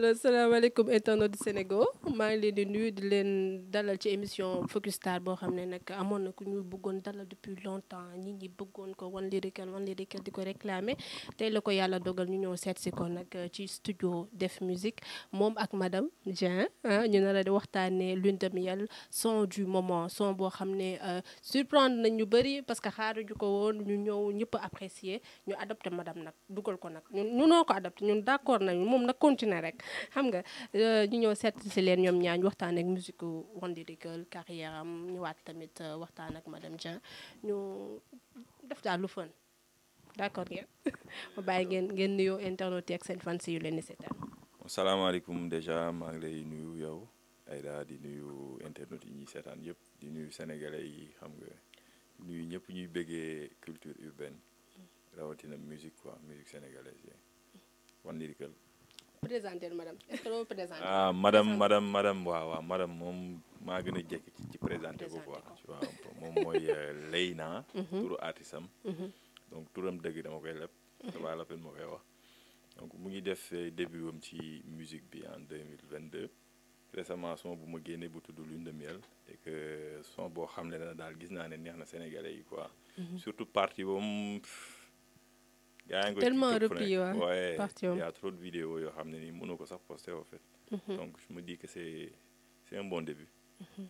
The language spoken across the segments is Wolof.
alors salaamaaleykum internet du Sénégal maa ngi leen di nuyu di leen dalal ci émission Focus Star boo xam ne nag amoon na ku ñu bëggoon dalal depuis longtemps ñi ñi bëggoon ko One Lyrical One Lyrical di ko réclamer tey la ko yàlla dogal ñu ñëw seet si ko nag ci studio Def Musique moom ak madame Dieng ah, ñu nar a di waxtaanee lune de miel son du moment son boo xam ne euh, surprendre nañ ñu bëri parce que ju ko woon ñu ñëw ñëpp apprécier ñu adopté madame nag dugal ko nag ñun ñunoo ko adopté ñun d'accord nañu moom nag continuer rek xam nga euh, ñu ñëw seet si leen ñoom ñaañ waxtaan ak musique One Lyrical carrière am ñëwaat tamit euh, waxtaan ak madame Dia ñu def daal lu fën d'accord ngeen ma bàyyi ngeen ngeen nuyoo internet yi ak seen fans yu leen di seetaan. salaamaaleykum déjà maa ngi lay nuyu yow Aïda di nuyu internet yi ñuy seetaan yëpp di nuyu sénégalais yi xam nga nuyu ñëpp ñuy bëggee culture urbaine rawatina musique quoi musique sénégalaise One présenté madame est-ce que doo présenté. ah madame madame madame waaw waaw madame moom maa gën a jekk ci présenté ko quoi. waaw moom mooy euh, Leyna. Mhm. turu artiste am. Mhm. donc turam dëgg dama koy leb. damaa mhm. la fen ma koy wax. donc mu ngi def euh, début am ci musique bi en deux mille vingt deux récemment son bu ma génnee bu tudd Lune de Miel et que euh, son boo xam ne daal gis naa ne neex na Sénégalais yi quoi. surtout partie boobu. yaa ngi tellement replié waaye il a trop de vidéos yoo xam ne nii mënoo ko sax posté en fait. Mhm. donc je me dis que c'est c'est bon début. Mhm.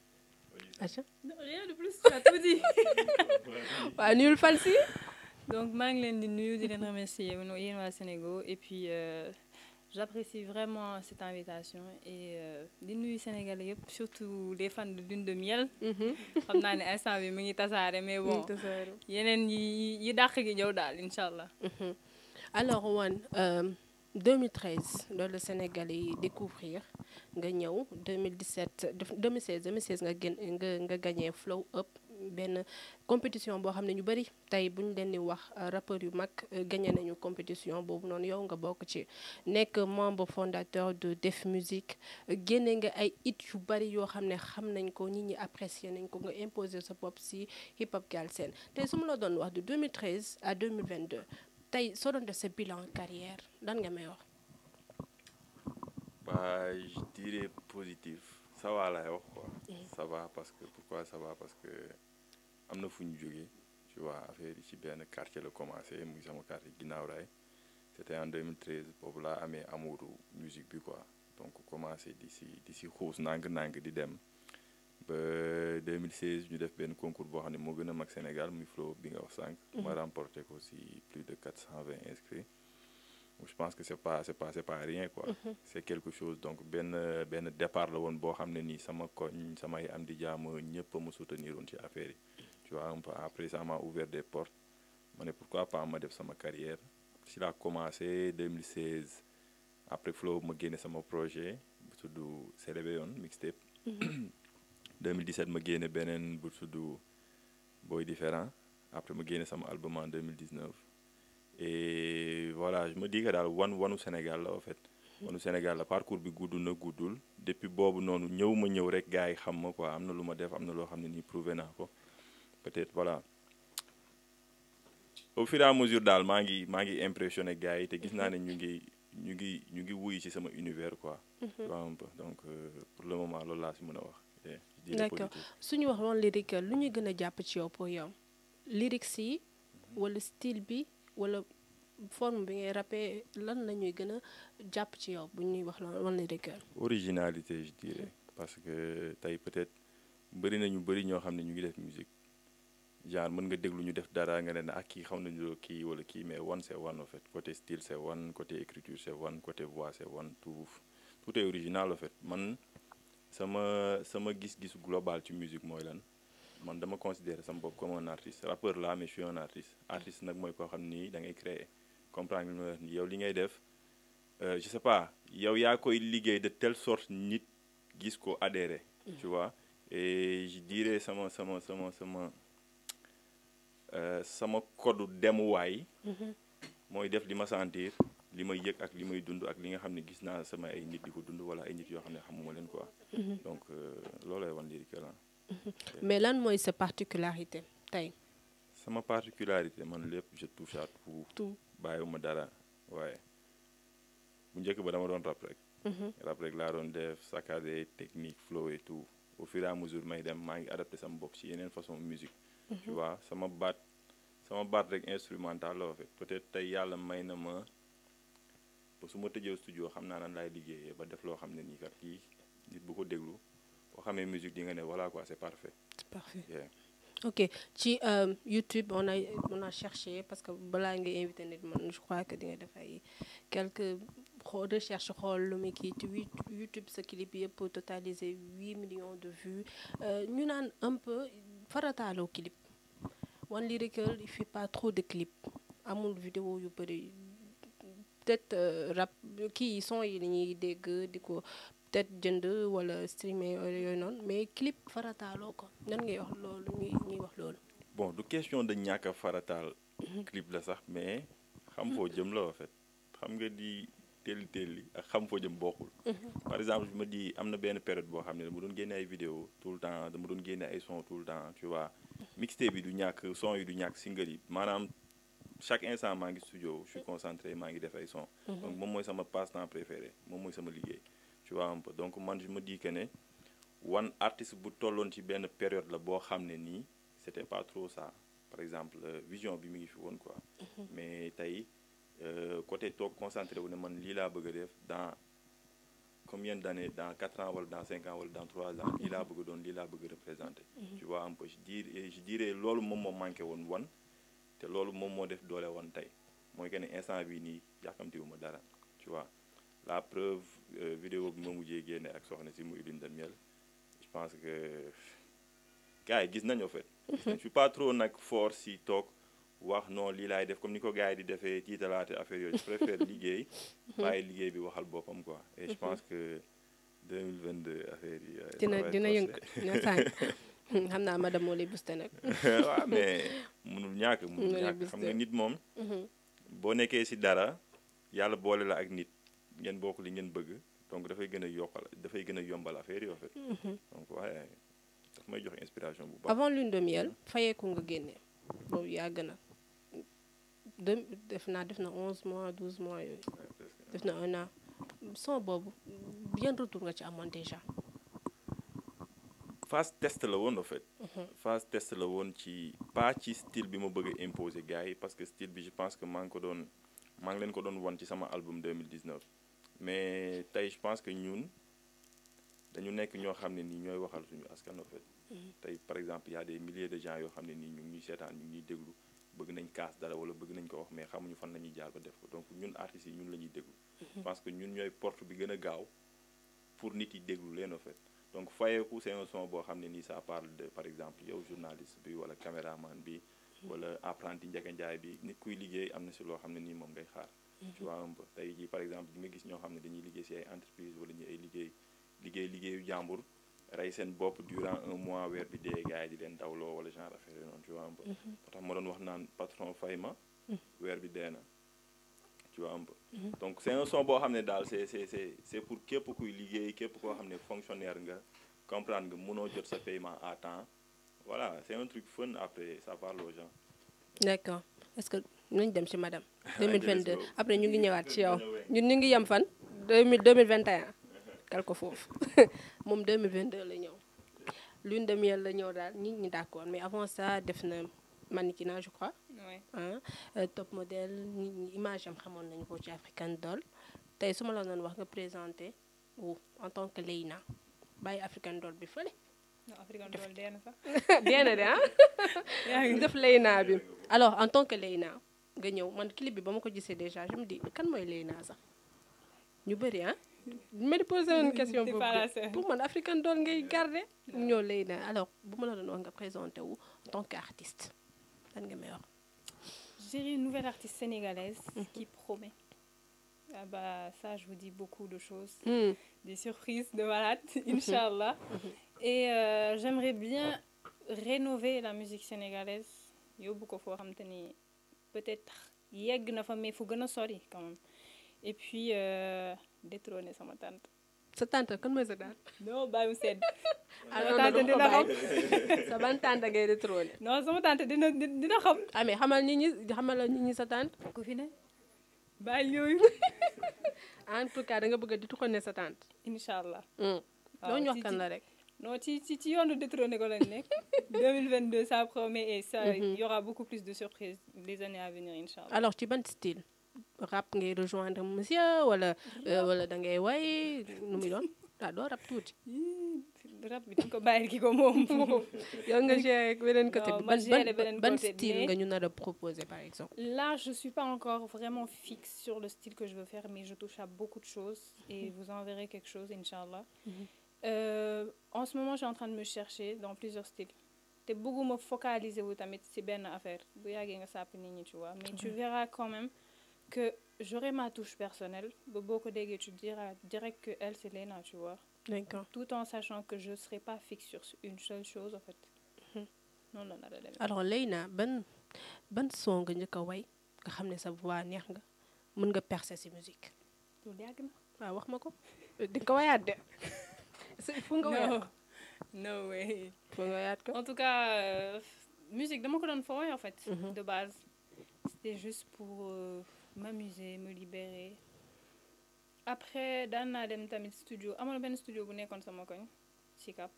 Acha ah, non rien de plus tu as tout dit. waaw nuyul Falsi. di nuyu di leen remercier yéen waa Sénégal et puis. Euh, j'apprécie vraiment cette invitation et euh, di nuyu Sénégalais yëpp surtout les fans de Lune de Miel. Mhm. xam naa ne instant bi mi ngi tasaare mais bon yeneen yi yi dàq gi ñëw daal incha allah. Mhm. alors Wane euh, 2013 loolu Sénégalais yi découvrir nga ñëw 2017 2016 2016 nga gën nga nga gagné Flow Up. benn compétition boo xam ne ñu bëri tey bu ñu leen di wax euh, rappeurs yu mag euh, gagné nañu compétition boobu noonu yow nga bokk ci nekk membre fondateur de Def Musique génne nga ay hit yu bari yoo xam ne xam nañ ko nit ñi apprécier nañ ko nga imposer sa bopp si hip hop Galsen tey su ma la doon wax de 2013 à 2022 tey soo doon def sa bilan carrière lan nga may wax. Bah, je positif. Ça va là, quoi. Mm. Ça parce que pourquoi ça parce que am na fu ñu jógee tu waa affaire yi ci benn quartier la commencé mu ngi sama quartier ginnaaw raay c'était en 2013 boobu laa amee amuru musique bi quoi donc commencé di si di si xuus nang-nang di dem ba 2016 ñu def benn concours boo xam ne moo gën a mag Sénégal muy flow bi nga wax sànq. Mm-hmm. ma remporté ko si plus de 420 inscrits. je pense que c'est pas c'est pas c'est pas rien quoi. Mm c'est quelque chose donc benn benn départ la woon boo xam ne nii sama koñ samay am di jaam ñëpp a ma ci affaire yi. waaw vois un peu après ça m'a ouvert des portes ma ne pourquoi pas ma def sama carrière si laa commencé 2016 après Flow ma génne sama projet bu tudd Selebe yoon mixtape 2017 mm-hmm. ma génne beneen bu tudd Boy Différent après ma génne sama album en 2019 et voilà je me dis que daal wan wanu Sénégal la en fait mm-hmm. wanu Sénégal la parcours bi gudd na guddul depuis boobu noonu ñëw ma ñëw rek gars yi xam ma ko am na lu ma def am na loo xam ne nii prouvé naa ko peut-être voilà au fur et à mesure daal maa ngi maa ngi impressionné gars yi te gis naa ne ñu ngi ñu ngi ñu ngi wuy ci sama univers quoi. Mhm. tu donc euh, pour le moment loolu laa si mën a wax. d'accord su ñu wax woon lyrique lu ñuy gën a jàpp ci yow pour yow lyrics yi wala style bi wala forme bi ngay rappé lan la ñuy gën a jàpp ci yow bu ñuy wax loolu lyrique. originalité je dirais parce que tey peut-être bëri na ñu bëri ñoo xam ne ñu ngi def musique. genre mën nga déglu ñu def dara nga ne ne ak ah, kii xam nañu kii wala kii mais one c'est one en fait côté style c'est one côté écriture c'est one côté voix c'est one tout tout est original en fait man sama sama gis-gis global ci musique mooy lan man dama considérer sama bopp comme un artiste rappeur là mais je suis un artiste nag mooy koo xam ni da ngay créer comprendre nga ni yow li ngay def euh, je sais pas yow yaa koy liggéey da telle sorte nit gis ko adhérer tu vois et je dirais sama sama Euh, sama kodu demuwaay. Mhm. mooy def li ma sentir li may yëg ak li may dund ak li nga xam ne gis naa sama ay nit di ko dund wala ay nit yoo xam ne xamuma leen quoi. Mhm. donc euh, loolay wan lii la. Mhm. mais lan mooy sa particularité tey. sama particularité man lépp je touche à tout. tout bàyyiwuma dara waaye bu njëkk ba dama doon rap rek. rap rek laa doon def saccadé technique flow tout au fur et à may dem maa ngi adapté sama bopp ci yeneen façon musique Mhm. tu sama baat sama baat rek instrumental la fait peut-être tey yàlla may na ma ba su ma tëjee studio xam naa nan laay liggéeyee ba def loo xam ne nii kat kii nit bu ko déglu boo xamee musique di nga ne voilà quoi c'est parfait. c'est parfait yeah. ok ci euh, YouTube on a on a cherché parce que balaa nga invité nit man je crois que di nga def ay quelques recherche xool lu muy kii ci YouTube sa clip yëpp totalisé 8 millions de vues euh, ñu naan un peu farataaloo clip One Lyrical il fait pas trop de clips amul vidéo yu bari peut-être euh, rap son yi ñuy dégg di ko peut jënd wala streamer yooyu noonu mais clip farataaloo ko nan ngay wax loolu ñuy ñuy wax loolu. bon du question de ñàkk a farataal. Mhm. clip la sax mais. xam foo jëm la en fait xam nga di. teel teel li ak xam foo jëm bokkul mhm. par exemple je me am na benn période boo xam ne dama doon génne ay vidéo tout le temps dama doon génne ay son tout le temps tu mixtape bi du ñàkk son yi du ñàkk single yi maanaam chaque instant maa ngi studio je suis concentré maa ngi def ay son. Mhm. donc moom mooy sama passe-temps préféré moom mooy sama liggéey. tu vois un peu donc man je me dis ne wan artiste bu tolloon ci benn période la boo xam ne nii c'était pas trop ça par exemple euh, vision bi mu ngi fi woon quoi. Mhm. mais tey euh, côté toog concentré wu ne man lii laa bëgg a def dans. combien d'années dans 4 ans wala dans 5 ans wala dans 3 ans lii laa bëgg doon lii laa bëgg représenter mhm. tu vois un peu je dirais je dirais loolu moom moo manqué woon wan te loolu moom moo def doole woon tey mooy que ne instant bii nii yàkkamtiwuma dara tu vois la preuve euh, vidéo bi ma mujjee génne ak soxna si mu Idine Damiel je pense que gars yi gis nañu en fait pas trop nag fort si toog wax non lii laay def comme ni ko gars di defee tiitalaate affaire yooyu je préfère liggéey bàyyi liggéey bi waxal boppam ko et je pense que 2022 affaire yi euh, dina dina yëngu na sànq xam naa nga nit moom mhm. boo nekkee si dara yàlla boole la ak nit ngeen bokk li ngeen bëgg donc dafay gën a yokkal dafay gën a yombal affaire yi en fait mhm. donc waaye daf may jox boobu yaa gën a deux def naa def na onze mois douze mois yooyu def na un an son boobu yan retour nga ci amoon déjà phase test la woon en fait mhm. phase test la woon ci pas ci style bi ma bëgg a imposer yi parce que style bi je pense que maa ngi ko doon maa ngi leen ko doon wan ci sama album 2019 mais tey je pense que ñun dañu nekk ñoo xam ne nii ñooy waxal suñu askan en fait mhm. tey par exemple y a milliers de gens yoo xam ne nii ñu ngi ñuy seetaan ñu ngi ñuy déglu bëgg nañ kaas dara wala bëgg nañ ko wax mais xamuñu fan la ñuy jaar ba def ko donc ñun artistes yi ñun la déglu. parce mhm. que ñun ñooy porte bi gën a gaaw pour nit yi déglu leen en donc fayeeku c'est un boo xam ne nii sa parle de par exemple yow journaliste bi wala caméraman bi. Mhm. wala apprenti njëkk njaay bi nit kuy liggéey am na si loo xam ne nii moom ngay xaar. Mhm. par exemple di nga gis ñoo xam ne dañuy liggéey si ay entreprise wala ñu ay liggéey liggéey rey seen bopp durant un mois weer bi dee gars yi di leen dawloo wala genre affaire noonu tu vois un peu. Mm-hmm. moo ma doon wax naan patron fay ma. Mm-hmm. weer bi dee na tu vois un peu. Mm-hmm. donc c' est boo xam ne daal c' est c' pour képp kuy liggéey képp koo xam ne fonctionnaire nga comprendre nga mënoo jot sa paiement à temps voilà c' est un truc fun après ça parle aux gens. d' est que nañ dem ci madame. 2022 après ñu ngi ñëwaat ci yow ñun ñu ngi yem fan. 2021. kal ko foofu moom de la ñëw lune de miel la ñëw daal nit ñi d'accord mais avant ça def na mannequinat je crois. ah top modèle nit ñi image am xamoon nañu ko ci African Doll tey su ma la doon wax nga présenté wu en tant que Leïna bàyyi African Doll bi fële. non African na sax. dee na de ah. def Leïna bi alors en tant que Leïna nga ñëw man clip bi ba ma ko gisee déjà je me kan mooy Leïna sax ñu bëri ah. ma di posé woon question boobu pour man African Doll ngay garder. ñoo lay na alors bu ma la doon wax nga présenté wu en tant qu'artiste lan nga may wax. une nouvelle artiste sénégalaise. Mhm. qui promet. ah bah je vous dis beaucoup de choses. Mhm. des surprises de malade inchallah. Mhm. et euh, j'aimerais bien rénover la musique sénégalaise yóbbu ko foo xam te peut-être yegg na fa mais fu gën a sori quand même et puis. Euh, détrôné sama tante. sa tante kan mooy sa tante. non bàyyi mu sedd. Ah, sa tante dina xam sa ban tante dina dina xam. ah mais xamal nit ñi xamal la nit ñi sa tante. ku fi ne. bàyyi yooyu. en tout cas da nga bëgg a détrôné sa tante. incha allah. Hmm. waaw ñu wax kan la rek. noo ci ci ci yoonu détrôné ko lañ nekk 2022 ça promet et ça mhm. y aura beaucoup plus de surprises les années à venir incha allah. alors ci bant style. rap ngay rejoindre monsieur wala euh, wala da way nu muy doon rap tuuti. rap bi dañ ko bàyyi ki ko moom. yow nga géré beneen côté bi ban ban style nga ñu nar a par exemple. là je suis pas encore vraiment fixe sur le style que je veux faire mais je touche à beaucoup de choses et mhm. vous enverrez quelque chose inchallah. Mhm. Euh, en ce moment je en train de me chercher dans plusieurs styles te bëgguma focaliser wu tamit ci benn affaire bu yàggee nga sàpp nit ñi tu vois que j'aurai ma touche personnelle. Beaucoup d'égues, tu diras direct que elle, c'est Léna, tu vois. D'accord. Tout en sachant que je ne serai pas fixe sur une seule chose, en fait. Mm -hmm. Non, non, non, Alors, Léna, ben, ben son que tu as fait, que tu sa voix, tu peux percer sa musique. Tu l'as dit wax ma ko. Euh, di ko wayat de. Fu nga wayat. ko. En tout cas, euh, musique dama ko doon fooy en fait, mhm. de base. C'était juste pour euh, m'amuser mu libérer après daan naa dem tamit studio amoon benn studio bu nekkoon sama koñ ci Cap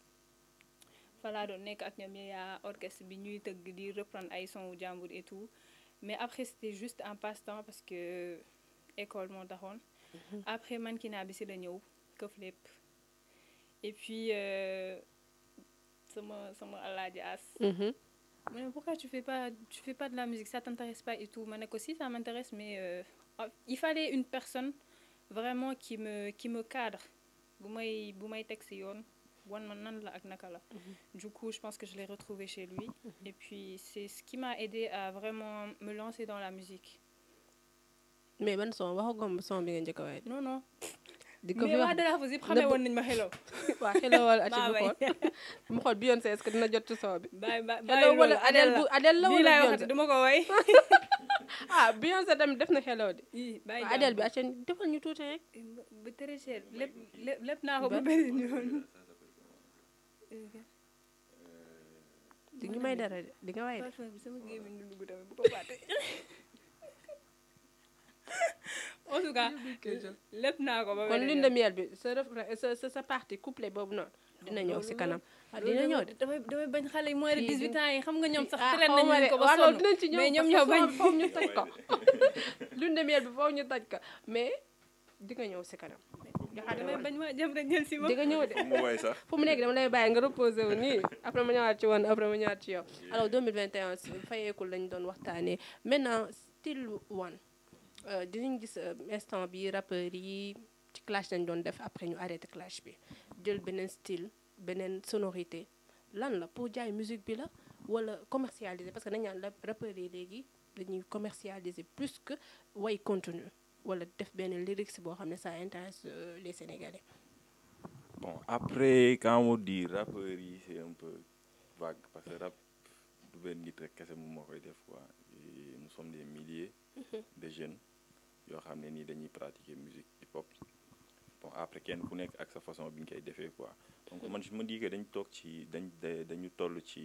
fa laa doon nekk ak ñoom yaa orchestre bi ñuy tëgg di reprendre ay son wu jàmbur et mais après c'était juste un passe-temps parce que euh, école moo taxoon. Mhm. après mannequinat bi ci la ñëw këf lépp et puis euh, sama sama alaaji as. Mhm. ma ne pourquoi tu fais pas tu fais pas de la musique ça t'intéresse pas et tout ma ne ko si ça m'intéresse mais euh, ah, il fallait une personne vraiment qui me qui me cadre bu may bu may teg si yoon wan ma nan la ak naka la mhm. du coup je pense que je l'ai retrouvé chez lui mhm. et c'est ce qui m'a aidé à vraiment me lancer dans la musique mais ban son waxagom son bi nga non non di ko fi wax mais waa xamee woon nañu ma hello. waa hello wala ati bu xool mu xool Beyoncé est-ce que dina jot ci soo bi. bàyyi ba bàyyi wala Adele bu Adele la wala Beyoncé du ma ko way. ah Beyoncé tamit def na hello de. bàyyi Adele bi ati defal ñu tuuti rek. bu très cher lépp lépp naa ko bu bëri de di en tout naa ko ba kon lune de miel bi sa sa sa partie couple boobu noonu dina ñëw si kanam dina ñëw de damay damay bañ xale yi moins de 18 ans yi xam nga ñoom sax ah, traîne nañu ko ba ah, sonn dinañ ci ñëw mais ñoom ñoo bañ foofu ko lune de bi foofu ñu taj ko mais di nga ñëw si kanam waaw ah, damay bañ waa jëm rek jël si ma di nga ñëw de fu mu nekk dama lay bàyyi nga reposé wu nii après ma ñëwaat ci woon après ma ñëwaat ci yow alors 2021 fayeekul lañ doon waxtaanee maintenant style one Euh, dinañ gis euh, instant bi rappeurs yi ci clash lañu doon def après ñu arrêté clash bi jël beneen style beneen sonorité lan la pour jaay musique bi la wala commercialiser parce que dañ naan la rappeurs yi léegi dañuy commercialiser plus que way contenu wala def beneen lyrics boo xam ne ça intéresse euh, les Sénégalais. bon après quand on dit rappeurs yi c'est un peu vague parce que rap du benn nit rek kese moom moo koy def quoi nous sommes des milliers mhm. de jeunes. yoo xam ne nii dañuy pratiquer musique hip hop bon après kenn ku nekk ak sa façon bi nga koy defee quoi donc hmm. man je ma di que dañu toog ci dañ dañu toll ci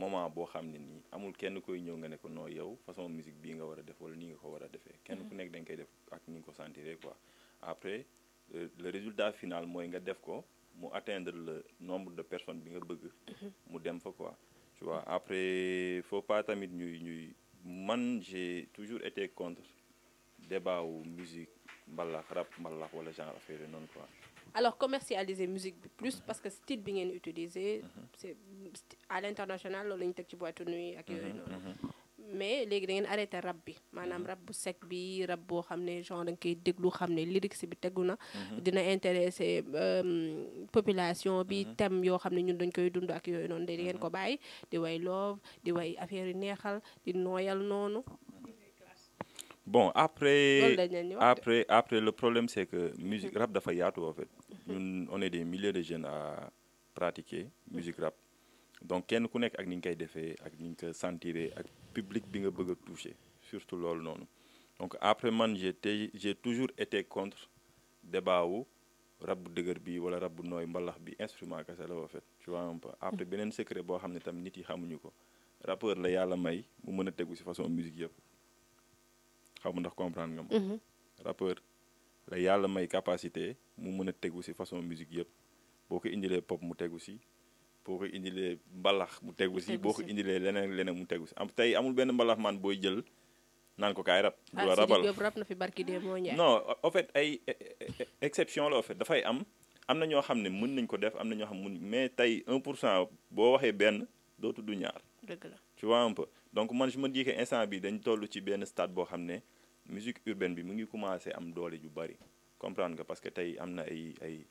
moment boo xam ne nii amul kenn koy ñëw nga ne ko non yow façon musique bii nga war a def wala nii nga ko war a defee kenn ku hmm. nekk dañ koy def ak ni nga ko sentiree quoi après le résultat final mooy nga def ko mu atteindre le nombre de personnes bi nga bëgg hmm. mu dem fa quoi tu vois après faut pas tamit ñuy ñuy man j'ai toujours été contre débat wu musique mbalax rap mbalax wala genre affaire yi noonu quoi. alors commercialiser musique bi plus parce que style bi ngeen utiliser. c'est à l'international loolu la ñu teg ci boîte de nuit ak yooyu mhm, noonu. Mhm, mhm. mais léegi da ngeen arrêté rap bi maanaam rab bu sec bi rab boo xam ne genre da nga koy déglu xam ne lyrics bi tegu na. dina intéressé euh, population bi thème yoo xam ne ñun dañ koy dund ak yooyu noonu da ngeen ko bàyyi di way love di way affaire yu neexal di nooyal noonu. bon après après après le problème c'est que musique rap dafa yaatu en fait ñun on est des milliers de jeunes à pratiquer musique rap donc kenn ku nekk ak ni nga koy defee ak ni nga ko ak public bi nga bëgg a toucher surtout loolu noonu donc après man te j'ai toujours été contre débat wu rab bu dëgër bi wala rab bu nooy mbalax bi instrument kese la en fait tu vois après beneen secret boo xam ne tamit nit yi xamuñu ko rappeur la yàlla may mu mën a tegu si façon musique yëpp xaw ma ndax comprendre ma. Mhm. rappeur la mu a tegu si façon musique yëpp boo ko indilee mu tegu si boo ko indilee mu tegu si boo ko indilee leneen leneen mu tegu si am tey amul benn mbalax man booy jël naan ko kaay rab. du la rabal rab na fi e, e, e, am am na ñoo xam ne mën nañ ko def am na ñoo xam mun mais tey 1 pour cent boo waxee benn dootu tudd ñaar. dëgg la tu vois un peu donc man je me instant bi dañ toll ci benn stade boo xam ne. musique urbaine bi mu ngi commencé am doole ju bari comprendre nga parce que tey am na ay ay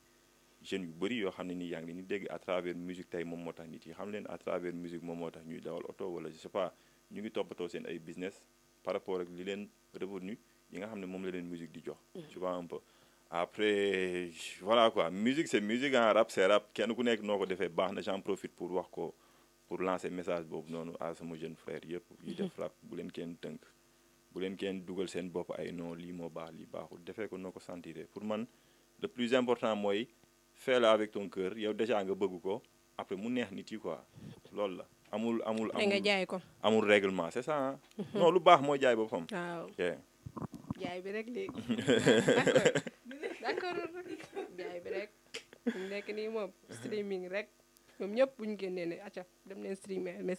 jeunes yu bari yoo xam ne nii yaa ngi leen di dégg à travers musique tey moom moo tax nit yi xam leen a travers musique moom moo tax ñuy dawal oto wala je sais pas ñu ngi toppatoo seen ay business par rapport ak li leen revenu yi nga xam ne moom la leen musique di jox. Mm. tu vois un peu après voilà quoi musique c'est musique en rap c'est rap kenn ku nekk noo ko defee baax na j'en profite pour wax ko pour lancer message boobu noonu à sama jeune frère yëpp. yi def tënk. bu leen kenn dugal seen bopp ay non lii moo baax lii baaxul defee ko noo ko sentir pour man le plus important mooy fais avec ton cœur yow déjà nga bëgg ko après mu neex nit yi quoi loolu la. amul amul amul nga jaay ko amul règlement c'est ça mhm. non lu baax mooy jaay boppam. waaw jaay bi rek léegi d'accord d'accord jaay bi rek nekk nii moom streaming rek. ñoom ñëpp bu ñu génnee ne acca dem leen streamer mais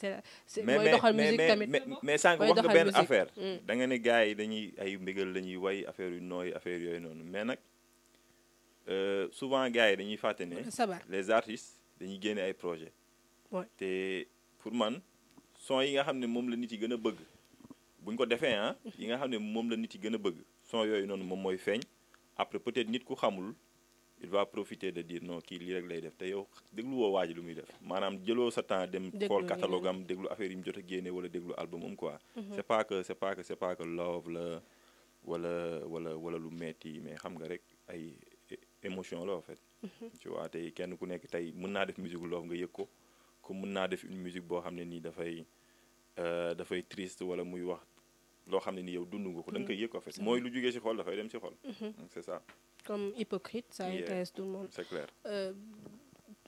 c'est mooy doxal musique tamit mais sànq wax nga benn affaire mm. da nga ne gars yi dañuy ay mbégal la ñuy way affaire yu nooy affaire yooyu noonu mais nag euh, souvent gars yi dañuy fàtte ne sabar les artistes dañuy génne ay projet te pour man son yi nga xam ne moom la nit yi gën a bëgg bu ñu ko defee ah yi nga xam ne moom la nit yi gën a bëgg son yooyu noonu moom mooy feeñ après peut-être nit ku xamul il va profiter de diir non kii lii rek lay def te yow déglu woo waaj lu muy def maanaam jëloo sa temps dem xool catalogue am déglu affaire yi mu jot a génne wala déglu album am quoi mhm. c'est pas que c'est pas que c'est pas que love la wala wala lu metti mais xam nga rek ay émotion la en fait mhm. tu tey kenn ku nekk tey mën naa def musique love nga yëg ko comme mun naa def une musique boo xam ne nii dafay euh, dafay triste wala muy wax loo xam ne nii yow dund nga ko da mhm. koy yëg mooy lu jógee ci xol dafay dem ci xol c'est comme hypocrite ça yeah. intéresse tout le euh,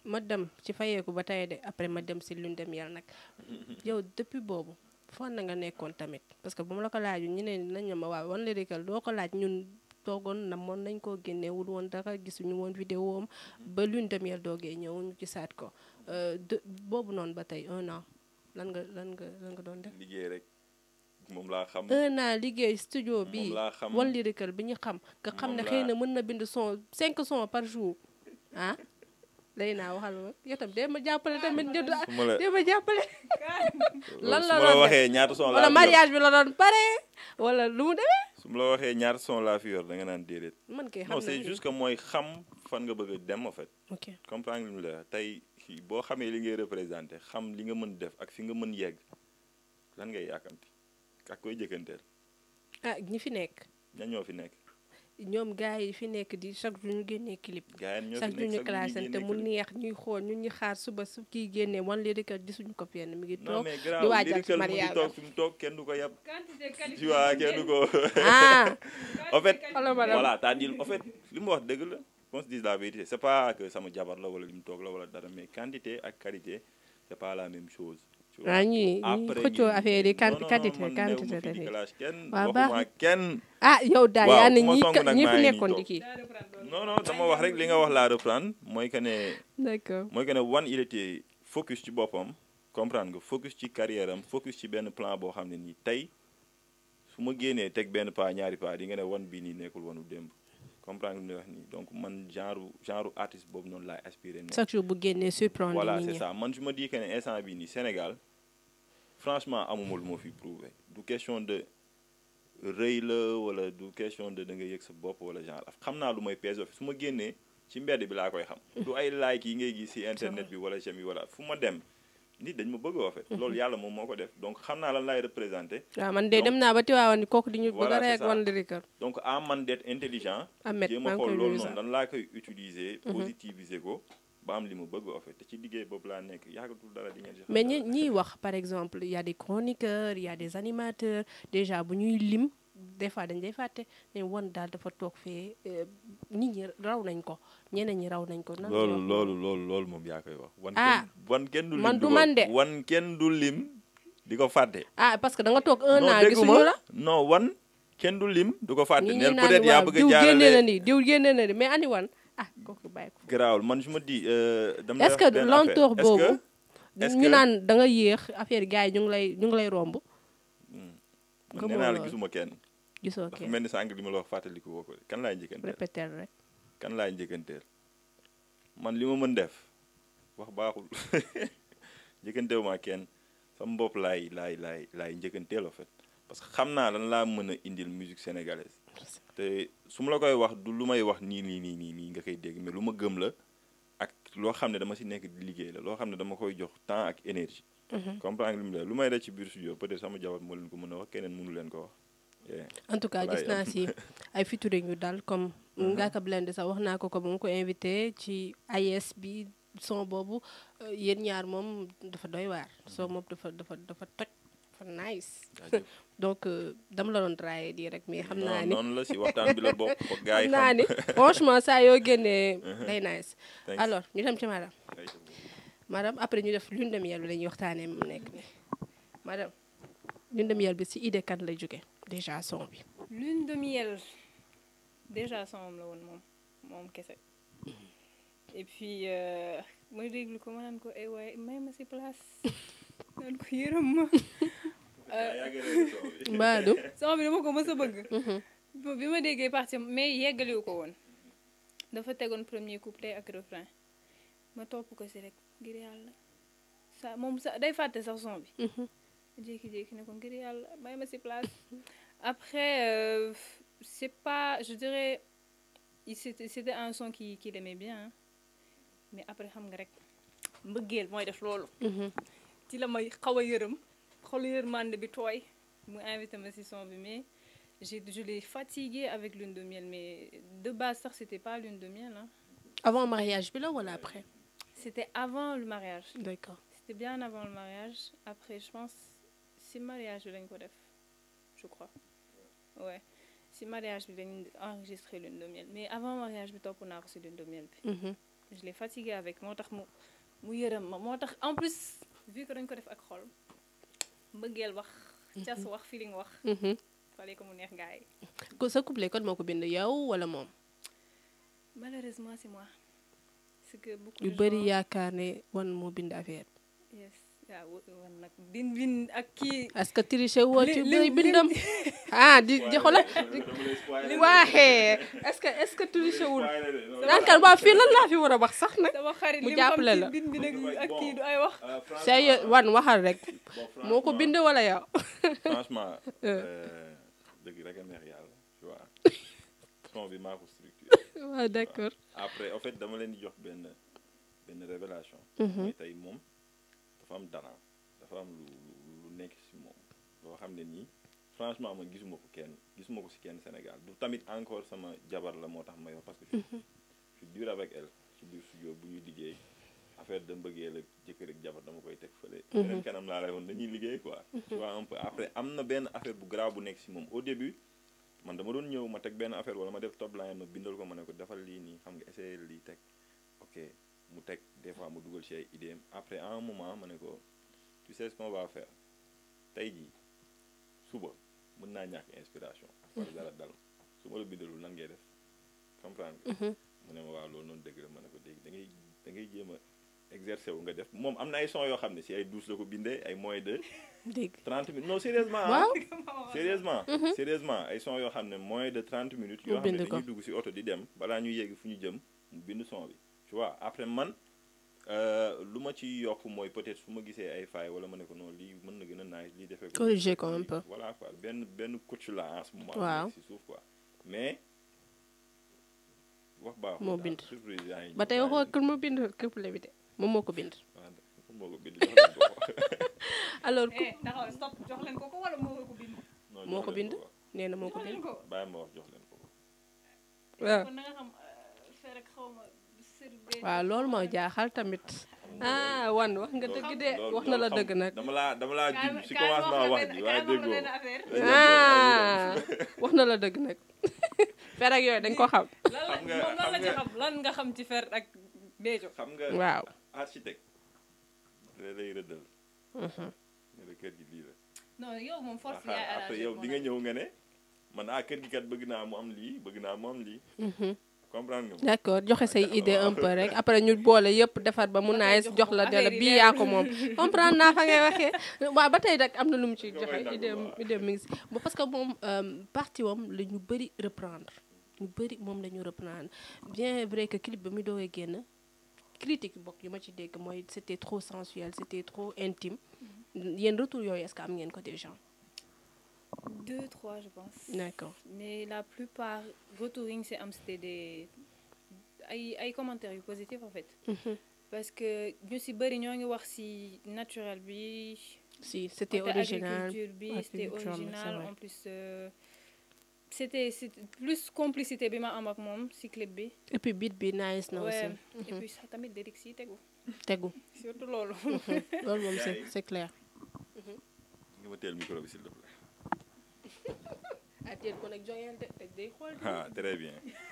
ma dem ci fayeeku ba tey de après ma dem si luñ dem yàlla nag yow depuis boobu fan na nga nekkoon tamit parce que bu ma la ko laaj laaju ñu ne nañ ma waaw wan kal doo ko laaj ñun toogoon na moon nañ koo génneewul woon dara gisuñu woon vidéo am ba luñ dem doogee ñëw ñu ci saat ko euh, boobu noonu ba tey un an lan nga lan nga lan nga doon def moom laa xam un an liggéey studio bi laa xam One Lyrical bi ñu xam nga xam ne xëy na mën na bind son cinq son par jour ah lay naa waxal ma yow tam dee ma jàppale tamit dee ma jàppale lan la doon waxee ñaata son wala mariage bi la doon pare wala lu mu demee la waxee ñaata son laa fi yor nga naan déedéet man kay xam non c'est juste mooy xam fan nga bëgg dem en fait comprendre li la tey boo xamee li ngay représenté xam li nga mën def ak fi nga mën yegg lan ngay yàkkamti ak koy jëkkanteel. ah ñi fi nekk. ñan fi nekk. ñoom gars yi fi nekk di chaque jour ñu génnee clip. gars yi chaque jour ñu classé te mu neex ñuy xool ñu ñu xaar suba su kiy génnee wan Lyrical gisuñu ko fenn mi ngi toog. di waajal ci mariage toog fi mu toog kenn du ko yab. tu ah. vois li mu wax dëgg la qu'on se dise la vérité c'est pas que sama jabar la wala li mu toog la wala dara mais quantité ak qualité c'est pas la même chose. ah ñuy ñuy xëccoo yi quantité quantité tamit waaw baax ah yow daal ñi ñi fi nekkoon kii. non non wax rek li nga wax laa mooy que ne. d'accord mooy wan il était focus ci boppam comprendre nga focus ci carrière am focus benn plan boo xam ne nii tey su ma génnee teg benn pas ñaari pas di nga ne wan bii nii nekkul wanu démb. comprendre nga li wax nii donc man genre genre artiste boobu noonu laay aspiré. chaque jour bu génnee surprendre voilà man su ma di que ne instant bii nii Sénégal. franchement amuma lu ma fi prouver du question de rëy la wala du question de da nga yëg sa bopp wala genre af xam naa lu may peso fi su ma génnee ci mbedd bi laa koy xam du ay like yi ngay gis si internet bi wala j'aime yi wala fu ma dem nit dañ ma bëgg a fait mhm. loolu yàlla moom moo ko def donc xam naa lan laay représenté waaw man de dem naa ba tiwaawan kooku di ñu bëgg a rek wan lirikal donc à man d'être intelligent jéem ma xool loolu noonu lan laa koy utiliser mhm. positiviser ko ba am li mu bëgg en fait te boobu laa nekk yàggatul dara di ngeen si mais ñi ñiy wax par exemple y a des chroniqueurs y a des animateurs déjà bu ñuy lim des fois dañ day fàtte ne wan daal dafa toog fee euh, nit ñi raw nañ ko ñeneen ñi raw nañ ko. loolu loolu loolu loolu moom yaa koy wax. wan ah, wan kenn du lim man du man de wan kenn du lim di ko fàtte. ah parce que da toog un an gisuñu la wan kenn du lim du ko fàtte. neen peut-être diw génne na ni mais ani wan. ah kooku bàyyi ko. garaawul man je me dis. Euh, dama est-ce que lenteur boobu. ñu naan da nga yéex affaire gars yi ñu ngi lay ñu lay romb. Hmm. gëmoo nee naa la gisuma kenn. gisoo kenn dafa mel ni sànq li ma la wax fàttaliku woo ko kan laay njëkkanteel répéter kan laay njëkkanteel man li ma mën def wax baaxul njëkkanteewu ma kenn sama bopp laay laay laay laay njëkkanteel en fait parce que xam naa lan laa mën a indil musique sénégalaise. te su ma la koy wax du lu may wax nii nii nii nii nii nga koy dégg mais lu ma gëm la ak loo xam ne dama si nekk di liggéey la loo xam ne dama koy jox temps ak énergie. Mhm. comprendre li mu lu may def ci biir studio peut-être sama jabar moo leen ko mën a wax keneen mënu leen ko wax. en tout cas gis naa si ay featuring yu daal comme. Mhm. Ngaaka Blindé sax wax ko ko ba mu ko invité ci AES bi son boobu euh, yéen ñaar moom dafa doy waar. Mhm. soo moom dafa dafa dafa toj dafa nice. donc euh, dam la doon traaye di rek mais xam naa ni noonu saa yoo génnee uh-huh. day nice alors ñu dem ci madame madame après ñu def lune de miel bi la ñuy waxtaanee mu nekk ni madame lune de miel bi si idée kan lay jóge déjà son bi lune de miel déjà son la woon moom moom kese et puis euh, déglu ko ma eh si place naan ko yërëm ma Mbadou. son bi dama ko mës a bëgg. Mhm. bi ma déggee partie mais yeggalewu ko woon. dafa tegoon premier couplet ak refrain ma topp ko si rek ngir yàlla sa moom sa day fàtte sax son bi. Mhm. jékki-jékki ne ko ngir yàlla may ma si place. après euh, c'est pas je dirais c'était un son qui qui l'aimait bien mais après xam nga rek mbëggeel mooy def loolu. Mhm. ci la may xaw a yërëm. xolu yërmande bi tooy mu invité ma si son bi mais j'ai je l'ai fatigué avec lune de miel mais de base sax c'était pas lune de miel hein. avant mariage bi la wala après. c'était avant le mariage. d'accord c'était bien avant le mariage après je pense si mariage bi lañ ko def je crois si mariage bi dañ enregistré lune de mais avant mariage bi topp naa ko si lune de miel bi. Mm-hmm. je l'ai fatigué avec moo tax mu mu yërëm ma moo tax en plus vu que dañ ko def ak xol. mbëggeel wax mhm. cas wax feeling wax mhm. fale ko mu neex gars yi sa couple kon moo ko bind yow wala moom malheureusement c'est moi c'est que yu bëri yaakaar ne wan moo bind affaire waaw nag bin bin ak kii. est-ce que triché woo ci bindam ah di di xoolal waaxee est-ce que est-ce que triché wul daanaka fii la laa fi war a wax sax nag mu jàppale la bin bi nag ak i du ay wax say wan waxal rek moo ko bind wala yow franchement eh. euh, dëgg rek bi maa après en fait leen di jox dafa am dara dafa am lu lu nekk si moom loo xam ne nii franchement man gisuma ko kenn gisuma ko si kenn Sénégal du tamit encore sama jabar la moo tax ma yor parce que. je suis mhm. dur ci biir studio bu ñuy liggéey affaire de bëggee ak jëkkër ak jabar dama koy teg fële. Mhm. beneen kanam laa lay woon dañuy liggéey quoi. Mhm. tu vois un peu après am na benn affaire bu grave bu nekk si moom au début. man dama doon ñëw ma teg benn affaire wala ma def top line ma bindal ko ma ne ko defal lii nii xam nga essayer lii teg ok. mu teg des fois mu dugal ci ay idées après à un moment ma ne ko tu sais ce qu'on va faire tey jii suba mun naa ñàkk inspiration. wala dal su ma la bindalul nan ngay def comprendre nga. Mhm. mu ne ma waaw loolu noonu dëgg la ma ne ko léegi da ngay da ngay jéem a exercer wu nga def moom am na ay son yoo xam ne si ay douze la ko bindee ay moins de. dégg 30 minutes non sérieusement ah. mhm. ay son yoo xam ne moins de 30 minutes. yoo xam ne dañuy dugg si oto di dem balaa ñuy yegg fu ñu jëm mu bind son bi. tu vois après man euh, lu ma ci yokk mooy peut-être su ma gisee ay faay wala ma ne ko noonu lii mën na gën a naaj lii defee ko corriger ko un benn benn coach la en ce waaw si suuf quoi mais wax baaxul moo bind ba tey waxoo kër mu bind kër mu lébité moom moo ko bind moo ko bind alors ku eh, taxaw moo ko bind moo na moo ko bind bàyyi ma wax jox leen ko waaw waaw loolu moo jaaxal tamit. ah wan wax nga dëgg de wax na la dëgg nag. dama laa dama laa jub si commencement wax ji waaye déggoo wax na la dëgg nag. fer yooyu dañ ko xam. xam lan nga xam ci fer ak béjo. xam nga waaw architecte. da lay mhm. la. non yow moom force yow di nga ñëw nga ne man ah kër gi kat bëgg naa mu am lii bëgg naa mu am lii. Mhm. comprendre nga. d' accord joxe say idée un peu rek après ñu boole yëpp defar ba mun naa jox la dara bii yaa ko moom comprendre naa fa ngay waxee waaw ba tey rek am na lu mu ci joxe idée idée mi ngi si parce que moom euh, parti wam la ñu bëri reprendre ñu bëri moom la ñu reprendre bien vrai que clip ba mu doogee génn critique bokk yu ma ci dégg mooy c' était trop sensuel c' était trop intime mm-hmm. yéen retour yooyu est ce am ngeen ko des Deux, trois, je pense. D'accord. Mais la plupart, Rotouring, c'est am c'était des ay ay commentaires yu positif en fait. Mhm. parce que ñu si bëri ñoo ngi wax si naturel bi. si c'était original agriculture bi c'était original en plus. Euh, c'était plus complicité bi ma am ak moom si clip bi. et puis bi nice na aussi. et mhm. puis sax tamit lyrics tegu. tegu mhm. bi s'il te Ah, ah très bien.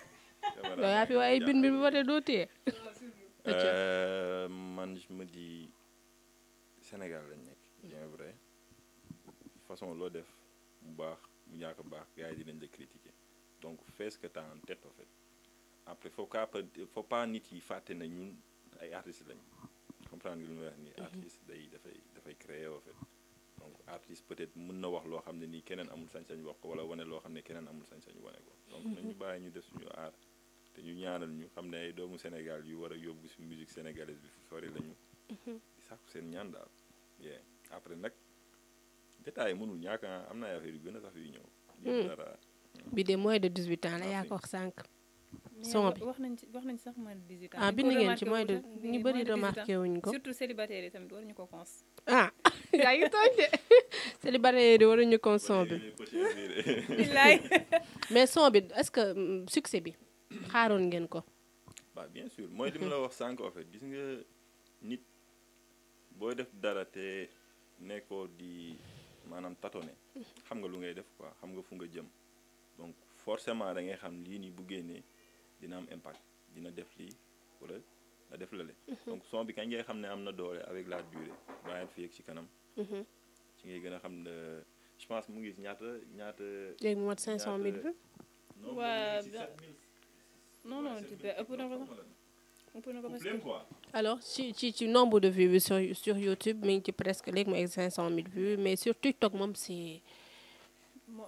yow yaa fi waaye bin bi ba tey doo téye. Euh, man je me Sénégal lañ nekk. bien vrai façon loo def mu baax mu ñàkk baax gars yi dinañ la critiquer donc fees ce que t'as en tête en fait après faut pas faut nit yi fàtte na ñun ay artistes lañ comprendre nga lu ma wax nii. Mhm. artiste day dafay créer en fait. artiste peut être mën na wax loo xam ne nii keneen amul sañ-sañ wax ko wala wane loo xam ne keneen amul sañ-sañ wane ko donc mhm. nañu bàyyi ñu def suñu aar te ñu ñaanal ñu xam ne ay doomu Sénégal yu war a yóbbu si musique sénégalaise bi fu sori lañu mhm. di sàkku seen ñaan daal bien après nag détails yi mënul ah, am na ay yu gën a sax yu ñëw hmm. dara bi de moins de 18 ans la yaa ko wax sànq son bi wax nañ ci wax nañ sax moins de 18 ans ah bind de ñu bëri remarqué wuñ ko surtout célibataire yi tamit ñu ko cons ah. yaa ngi tooñ de célibataire yi de waruñu kon son bi billaay mais son bi est que succès bi xaaroon ngeen ko waaw bien sûr mooy li la wax sànq en fait gis nga nit booy def dara te nekkoo di maanaam tâtonné xam nga lu ngay def quoi xam nga fu nga jëm donc forcément da ngay xam lii nii bu génnee dina am impact dina def lii wala na def lale mhm. donc son bi kañ ngay xam ne am na doole avec la durée bàyyil fi yëg ci kanam Mm-hmm. ci ngay gën a xam ne je pense mu si ci ci nombre de vues bi sur sur YouTube mi ngi ci presque léegi mu egg 500000 vues mais sur TikTok moom c'est.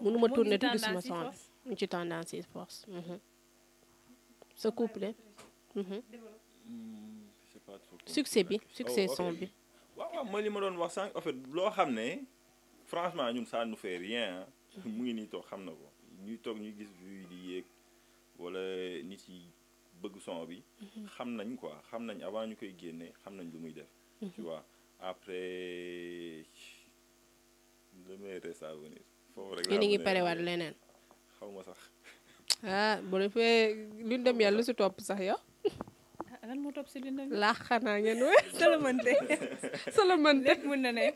mënu ma tourner tout gisuma mm-hmm. mm-hmm. hmm, oh, son bi mu ci tendance yi force. sa couple. succès bi succès son bi. waaw waaw mooy ma doon wax sànq en loo xam ne franchement ñun ça nous fait rien hmm. mu ngi nii toog xam na ko ñuy toog ñuy gis vues di yéeg wala nit yi bëgg son bi. Hmm. xam nañ quoi xam nañ avant ñu koy génne xam nañ lu muy def. Hmm. tu vois après le meilleur reste à venir. foofu rek yéen a ngi parewaat leneen. xaw ma sax. ah bu defee lu dem yàlla lu si topp sax yow. lan moo topp si dina bi laax xanaa ngeen wéy salamante salamante mën na ne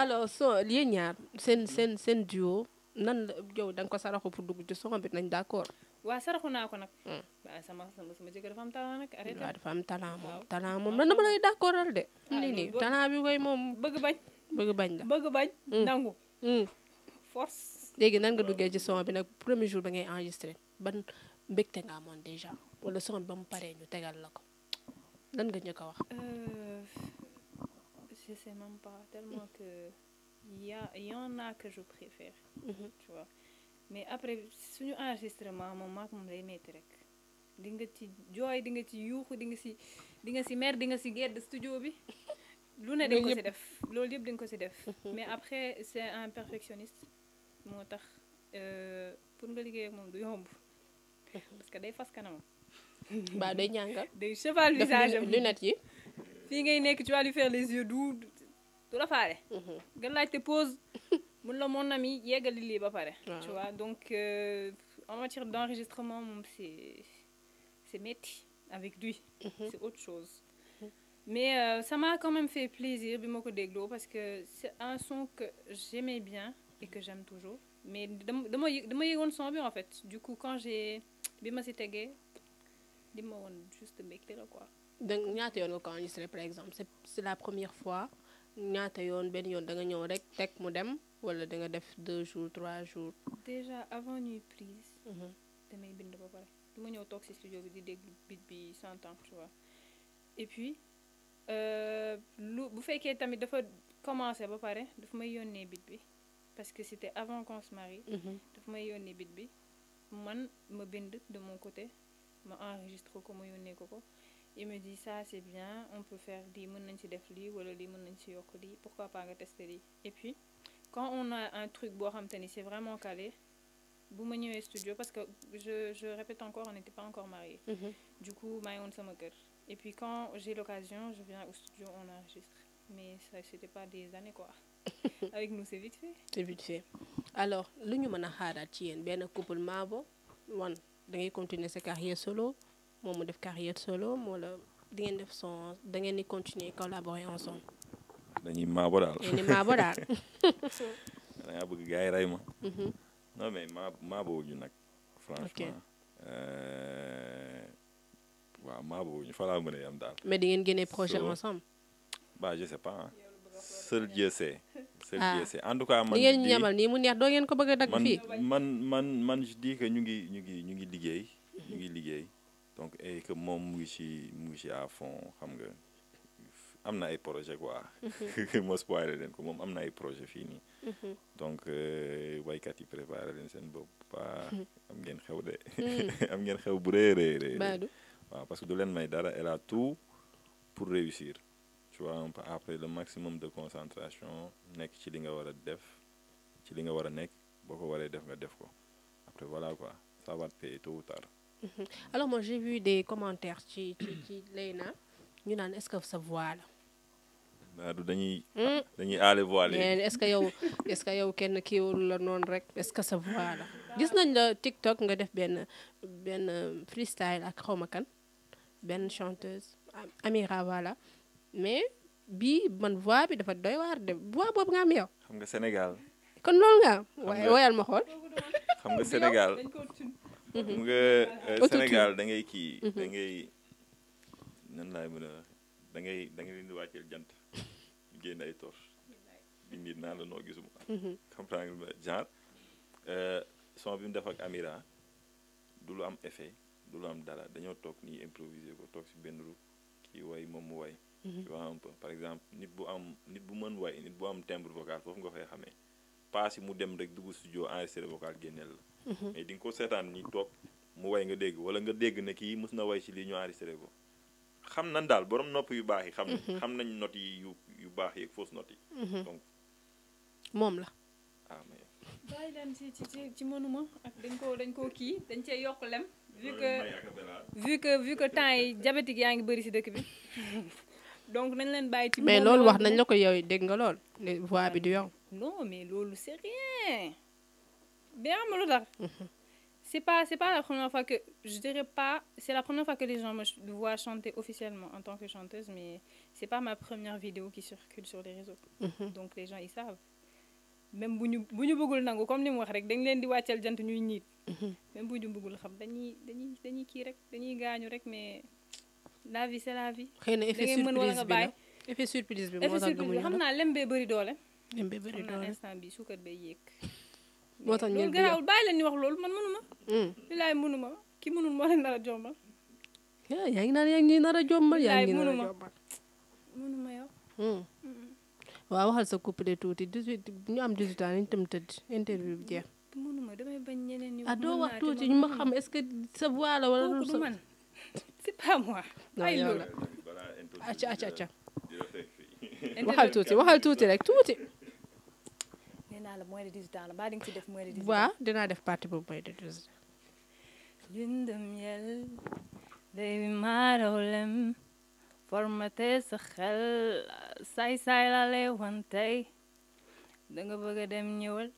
alors so yéen ñaar seen seen seen duo nan la yow da nga ko saraxu pour dugg ci son bi nañ d'accord wa saraxu naa ko nag hmm. waaw sama sama sama jëkkër dafa am talent nag arrêté waaw dafa am moom talent moom lan dama lay de ah, nii nii koy moom bëgg bañ bëgg bañ la bëgg bañ hmm. nangu hmm. force léegi nan nga duggee ci son bi nag premier jour ba ngay enregistré ban mbégte nga amoon déjà wala son ba mu paree ñu tegal la ko lan nga njëkk ko wax. Euh, je sais même pas que y a y en mhm. mais après suñu enregistrement moom maak moom lay metti rek di nga ci jooy di nga ci yuuxu di nga si di nga si mer di nga si gedd studio bi. lu ne di ko ci def loolu yëpp di ko si def. Mhm. mais après c'est un perfectionniste moo tax euh, pour nga liggéey ak moom du yomb. parce que day fas kanamam. waaw day ñàngal. day cheval visage am lunette yi. fii ngay nekk tu vas lui faire les yeux doux du la faale. Mhm. nga laajte pause mun la mon ami yeggali lii ba pare. tu vois donc euh, en matière d' enregistrement moom c' est c' est métti avec lui. Mhm. c' est autre chose. Mhm. mais euh, ça m'a quand même fait plaisir bi ma ko dégloo parce que c' un son que j'aimais bien et que j'aime toujours mais dama dama yëgoon son bi en fait du coup quand bi ma si tegee di ma woon juste mbégte la quoi. donc ñaata yoon nga ko enregistré par exemple c'est c'est la première fois ñaata yoon benn yoon da nga ñëw rek teg mu dem wala da nga def deux jours trois jours. déjà avant ñuy prise. Mhm. damay bind ba pare du ma ñëw toog si studio bi di déglu bit bi sans temps tu vois et puis euh, lu bu fekkee tamit dafa commencé ba pare dafa may yónnee bit bi parce que c'était avant qu'on se marie. Mhm. daf may yónnee bit bi. man ma bind de mon côté ma enregistre ko ma yónnee ko ko il me dit ça c'est bien on peut faire lii mën nañ ci def lii wala lii mën nañ ci yokk lii pourquoi pas nga tester lii et puis quand on a un truc boo xam te ni c'est vraiment calé bu ma studio parce que je je répète encore on n'était pas encore mariés mhm. du coup maa ngi woon sama kër et puis quand j'ai l'occasion je viens au studio on enregistre mais c'était pas des années quoi avec nous c'est vite fait. c'est vite lu ñu mën a xaaraat ci yéen benn couple Mabo wan da ngay continuer sa carrière solo moom mu def carrière solo moo la di ngeen def son da ngeen di continuer collaborer ensemble. dañuy Mabo daal dañuy Mabo daal. da rey ma. Mhm. non mais Mabo Mabo nag. franchement euh, waaw Mabo wu ñu fa laa mën yam daal. mais di ngeen projet ensemble. bah je sais pas. seul Dieu sait. seul Dieu ah. sait en tout cas. man li ngeen ñamal nii mu neex doo ngeen ko bëgg a dagg fii. man man man je ñu ngi ñu ngi ñu ngi liggéey. ñu ngi liggéey donc et que moom mu ngi ci mu ngi ci à fonds xam nga am na ay projet quoi. Mhm. leen ko moom am na ay projet fii nii. Mhm. donc euh, waykat yi préparé leen seen bopp. Mhm. am ngeen xew de. am ngeen xew bu rëy a rëy. waaw parce que du leen may dara elle a tout pour réussir. tu vois un peu après le maximum de concentration nekk ci li nga war a def ci li nga war a nekk boo ko waree def nga def ko après voilà quoi ça va te payer tôt ou tard. Mhm. alors moi j'ai vu des commentaires ci ci ci Leyna ñu naan est-ce que sa voix la. waaw du dañuy. Hmm? dañuy aale voile est-ce que yow est-ce que yow kenn kiiwul la noonu rek est-ce que sa voix gis nañ la TikTok nga def benn benn freestyle ak xawma kan benn chanteuse Amira voilà. mais bii man voix bi dafa doy waar de voix boobu nga am yow. xam nga Sénégal. kon loolu nga am. waaye woyal ma xool. xam nga Sénégal. xam nga euh, da ngay kii. Mhm. da ngay nan laay mën a dangay ngay da ngay leen di génn ay tor di nit naa la noo gisuma. xam mhm. nga genre euh, son bi mu def Amira du lu am effet du lu am dara dañoo toog nii improviser ko toog ci benn ru kii way moom mu way. Mm-hmm. tu vois un peu par exemple nit bu am nit bu mën way nit bu am timbre vocal foofu nga koy xamee paas mu dem rek dugg studio enregistré vocal génneel la mm-hmm. mais di ko seetaan ni toog mu way nga dégg wala nga dégg ne kii mës na way ci lii ñu enregistré ko xam nan daal borom nopp yu baax yi xam nañ mm-hmm. xam nañ yi yu yu baax yeeg fausse notes yi donc moom la ah mais bàyyi leen ci ko dañ koo kii dañ cee yokk lem vu que vu que vu que temps donc nañ leen bàyyi ci. mais loolu wax nañ la ko yow dégg nga lool voix bi du yow. non mais loolu c'est rien. a xam lu tax. Mhm. c'est pas c'est pas la première fois que je dirais pas c'est la première fois que les gens me voient en tant que chanteuse mais c'est pas ma première vidéo qui circule sur les réseaux. Mm-hmm. donc les gens ils savent. même bu ñu bu ñu bëggul comme ni mu wax rek dañ leen di wàccal jant ñuy ñiit. Mhm. même bu ñu bëggul xam dañuy dañuy dañuy kii rek dañuy gaañu rek mais. la vie c'est la vie. xëy na effet surprise bi da ngay mën wala nga bi moo tax gëmuñu la xam naa lem bee bari doole. lem be bëri doole xam naa bii suukar bay yéeg. moo tax ñun garaawul bàyyi leen ñu wax loolu man mënuma. lillaay hmm. mënuma ki mënul moo leen nar a yaa ngi naan yaa ngi ñuy nar a jombal. yaa ngi mënuma mënuma yow. Hmm. waaw waxal sa couplet tuuti 18 ñu am 18 ans nañu tam tëdd interview bi jeex. mënuma damay bañ ñeneen ñu. ah doo ñu ma xam est-ce que sa voix la wala. sa c'est pas moi. ay loolu acca acca acca waxal tuuti waxal tuuti rek tuuti. nee naa la moins de 18 ans la ba di nga ci def moins de 18 ans. waaw dinaa def partie boobu moins de 18 ans. lindum yel baby maarawlem formaté sa xel saay-saay laa lay wan tey da nga bëgg a dem ñëwal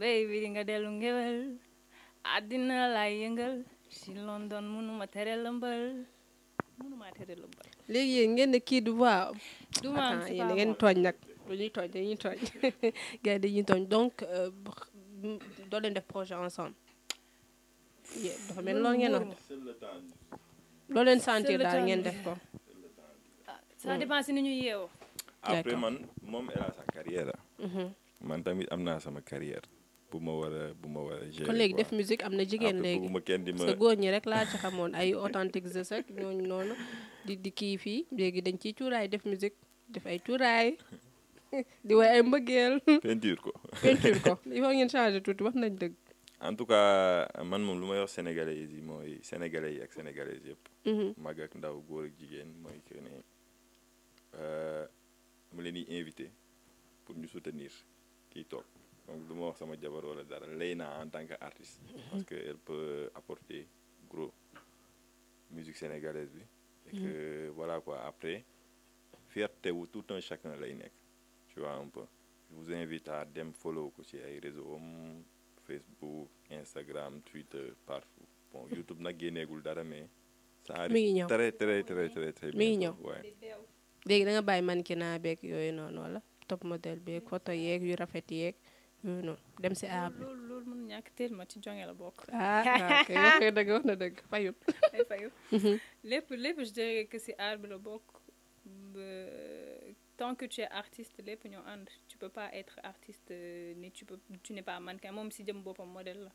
baby di nga dellu ngéwél àddina laay yëngal si London mënuma tere lëmbal mënuma tere lëmbal. léegi yéen ngeen ne kii du waaw. du ma am si ngeen tooñ nag dañuy tooñ dañuy tooñ yi dañuy tooñ donc euh, doo leen def projet ensemble. dafa mel loolu ngeen wax. loo daal ngeen def ko. Ah, ça dépend si ni ñu yeewoo. après man moom elle a sa carrière. Mhm. man tamit am naa sama carrière. bu ma war a bu ma war a gérer kon léegi def musique am na jigéen léegi ma kenn di ma ñi rek laa ci xamoon ay authentique zës ak ñooñu noonu di di kii fii léegi dañ ciy cuuraay def musique def ay cuuraay di way ay mbëggeel. peinture ko peinture ko il faut ngeen changer tuuti wax nañ dëgg. en tout cas man moom lu ma wax sénégalais yi mooy sénégalais yi ak sénégalaises yëpp. Mhm. mag ndaw góor ak jigéen mooy que euh, mu leen di invité pour ñu soutenir kiy toog. donc du ma wax sama jabar wala dara Leyna en tant que artiste mhm. parce que elle peut apporter gros musique sénégalaise bi et mhm. voilà quoi après fierté wu tout chacun lay nekk tu vois un peu dem folo ko ci ay réseau am Facebook Instagram Twitter partout bon YouTube nag génneegul dara mais ça arrive très très très très très mi ngi ñëw léegi da nga bàyyi mannequinat beeg yooyu noonu wala top modèle beeg photo yeeg yu rafet yeeg yooyu noonu dem si aar bi loolu loolu mën ñàkk teel ma ci jonge la bokk. ah, ah ok dëgg dëgg fayut. ay fayut mhm. lépp lépp je si aar bi bokk tant que tu es artiste lépp ñoo ànd tu peux pas être artiste euh, ni tu peux tu n'es pas moom si jëm boppam modèle la.